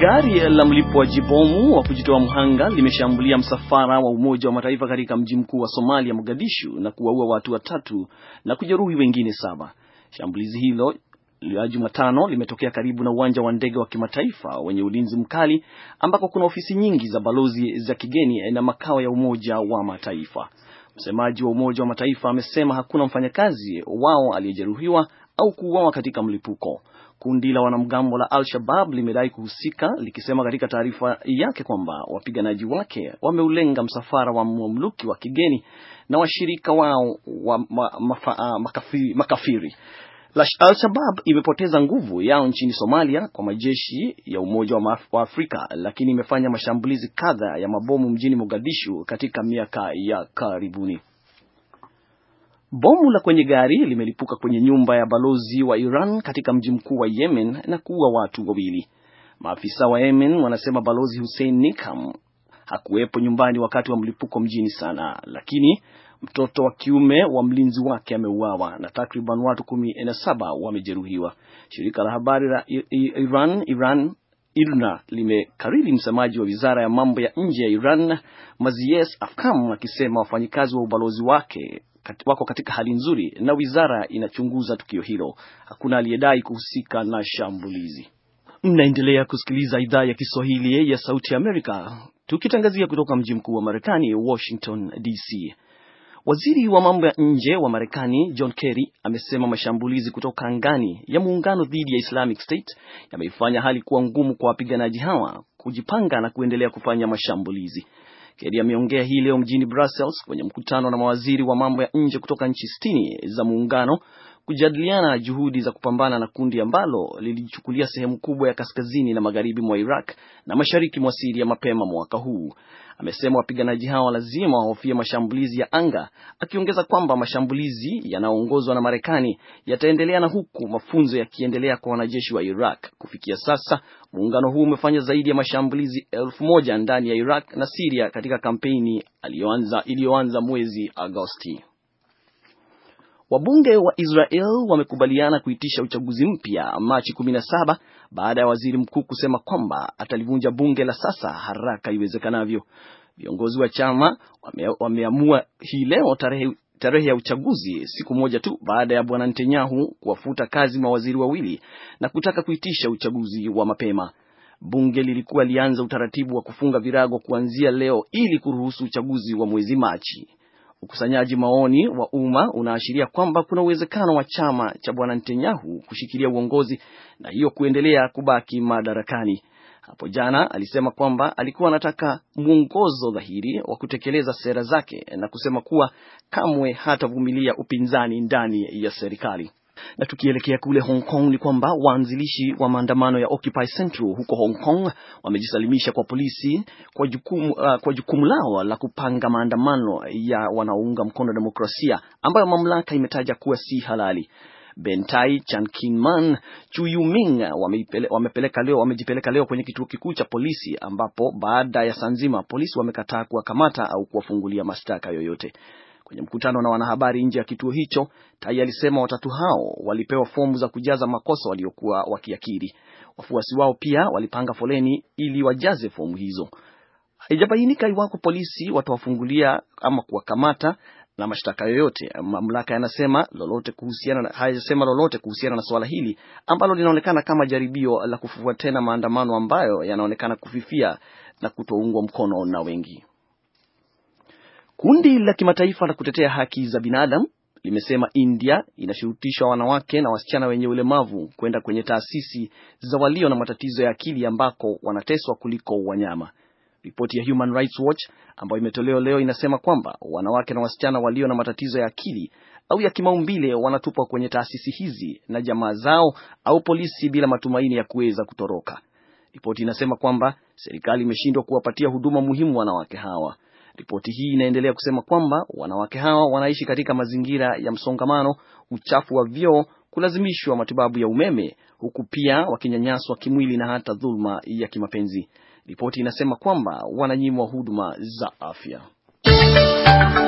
Gari la mlipuaji bomu wa kujitoa mhanga limeshambulia msafara wa Umoja wa Mataifa katika mji mkuu wa Somalia, Mogadishu, na kuwaua watu watatu na kujeruhi wengine saba. Shambulizi hilo la Jumatano limetokea karibu na uwanja wa ndege wa kimataifa wenye ulinzi mkali ambako kuna ofisi nyingi za balozi za kigeni na makao ya Umoja wa Mataifa. Msemaji wa Umoja wa Mataifa amesema hakuna mfanyakazi wao aliyejeruhiwa au kuuawa katika mlipuko. Kundi la wanamgambo la Al-Shabab limedai kuhusika likisema katika taarifa yake kwamba wapiganaji wake wameulenga msafara wa mamluki wa kigeni na washirika wao wa ma, mafa, ah, makafiri, makafiri. Al-Shabab imepoteza nguvu yao nchini Somalia kwa majeshi ya Umoja wa Afrika, lakini imefanya mashambulizi kadhaa ya mabomu mjini Mogadishu katika miaka ya karibuni. Bomu la kwenye gari limelipuka kwenye nyumba ya balozi wa Iran katika mji mkuu wa Yemen na kuua watu wawili. Maafisa wa Yemen wanasema balozi Hussein Nikam hakuwepo nyumbani wakati wa mlipuko mjini Sana, lakini mtoto wa kiume wa mlinzi wake ameuawa na takriban watu kumi na saba wamejeruhiwa. Shirika la habari la Iran Iran IRNA limekariri msemaji wa wizara ya mambo ya nje ya Iran Maziyes Afkam akisema wafanyikazi wa ubalozi wake wako katika hali nzuri na wizara inachunguza tukio hilo. Hakuna aliyedai kuhusika na shambulizi. Mnaendelea kusikiliza idhaa ya Kiswahili ya Sauti ya Amerika tukitangazia kutoka mji mkuu wa Marekani, Washington DC. Waziri wa mambo ya nje wa Marekani John Kerry amesema mashambulizi kutoka angani ya muungano dhidi ya Islamic State yameifanya hali kuwa ngumu kwa wapiganaji hawa kujipanga na kuendelea kufanya mashambulizi. Kerry ameongea hii leo mjini Brussels kwenye mkutano na mawaziri wa mambo ya nje kutoka nchi sitini za muungano kujadiliana juhudi za kupambana na kundi ambalo lilichukulia sehemu kubwa ya kaskazini na magharibi mwa Iraq na mashariki mwa Siria mapema mwaka huu. Amesema wapiganaji hao lazima wahofie mashambulizi ya anga, akiongeza kwamba mashambulizi yanayoongozwa na Marekani yataendelea na huku mafunzo yakiendelea kwa wanajeshi wa Iraq. Kufikia sasa, muungano huu umefanya zaidi ya mashambulizi elfu moja ndani ya Iraq na Siria katika kampeni iliyoanza mwezi Agosti. Wabunge wa Israel wamekubaliana kuitisha uchaguzi mpya Machi 17 baada ya waziri mkuu kusema kwamba atalivunja bunge la sasa haraka iwezekanavyo. Viongozi wa chama wame, wameamua hii leo tarehe, tarehe ya uchaguzi siku moja tu baada ya bwana Netanyahu kuwafuta kazi mawaziri wawili na kutaka kuitisha uchaguzi wa mapema. Bunge lilikuwa lianza utaratibu wa kufunga virago kuanzia leo ili kuruhusu uchaguzi wa mwezi Machi. Ukusanyaji maoni wa umma unaashiria kwamba kuna uwezekano wa chama cha bwana Netanyahu kushikilia uongozi na hiyo kuendelea kubaki madarakani. Hapo jana alisema kwamba alikuwa anataka mwongozo dhahiri wa kutekeleza sera zake na kusema kuwa kamwe hatavumilia upinzani ndani ya serikali. Na tukielekea kule Hong Kong ni kwamba waanzilishi wa maandamano ya Occupy Central huko Hong Kong wamejisalimisha kwa polisi kwa jukumu, uh, kwa jukumu lao la kupanga maandamano ya wanaounga mkono demokrasia ambayo mamlaka imetaja kuwa si halali. Bentai Chankinman Chuyuming wamepeleka leo wamejipeleka leo kwenye kituo kikuu cha polisi ambapo baada ya saa nzima polisi wamekataa kuwakamata au kuwafungulia mashtaka yoyote. Kwenye mkutano na wanahabari nje ya kituo hicho, Tai alisema watatu hao walipewa fomu za kujaza makosa waliokuwa wakiakiri. Wafuasi wao pia walipanga foleni ili wajaze fomu hizo. Haijabainika iwapo polisi watawafungulia ama kuwakamata na mashtaka yoyote. Mamlaka yanasema lolote kuhusiana, hayajasema lolote kuhusiana na suala hili ambalo linaonekana kama jaribio la kufufua tena maandamano ambayo yanaonekana kufifia na kutoungwa mkono na wengi. Kundi la kimataifa la kutetea haki za binadamu limesema India inashurutisha wanawake na wasichana wenye ulemavu kwenda kwenye taasisi za walio na matatizo ya akili ambako wanateswa kuliko wanyama. Ripoti ya Human Rights Watch ambayo imetolewa leo inasema kwamba wanawake na wasichana walio na matatizo ya akili au ya kimaumbile wanatupwa kwenye taasisi hizi na jamaa zao au polisi bila matumaini ya kuweza kutoroka. Ripoti inasema kwamba serikali imeshindwa kuwapatia huduma muhimu wanawake hawa. Ripoti hii inaendelea kusema kwamba wanawake hawa wanaishi katika mazingira ya msongamano, uchafu wa vyoo, kulazimishwa matibabu ya umeme, huku pia wakinyanyaswa kimwili na hata dhuluma ya kimapenzi. Ripoti inasema kwamba wananyimwa huduma za afya.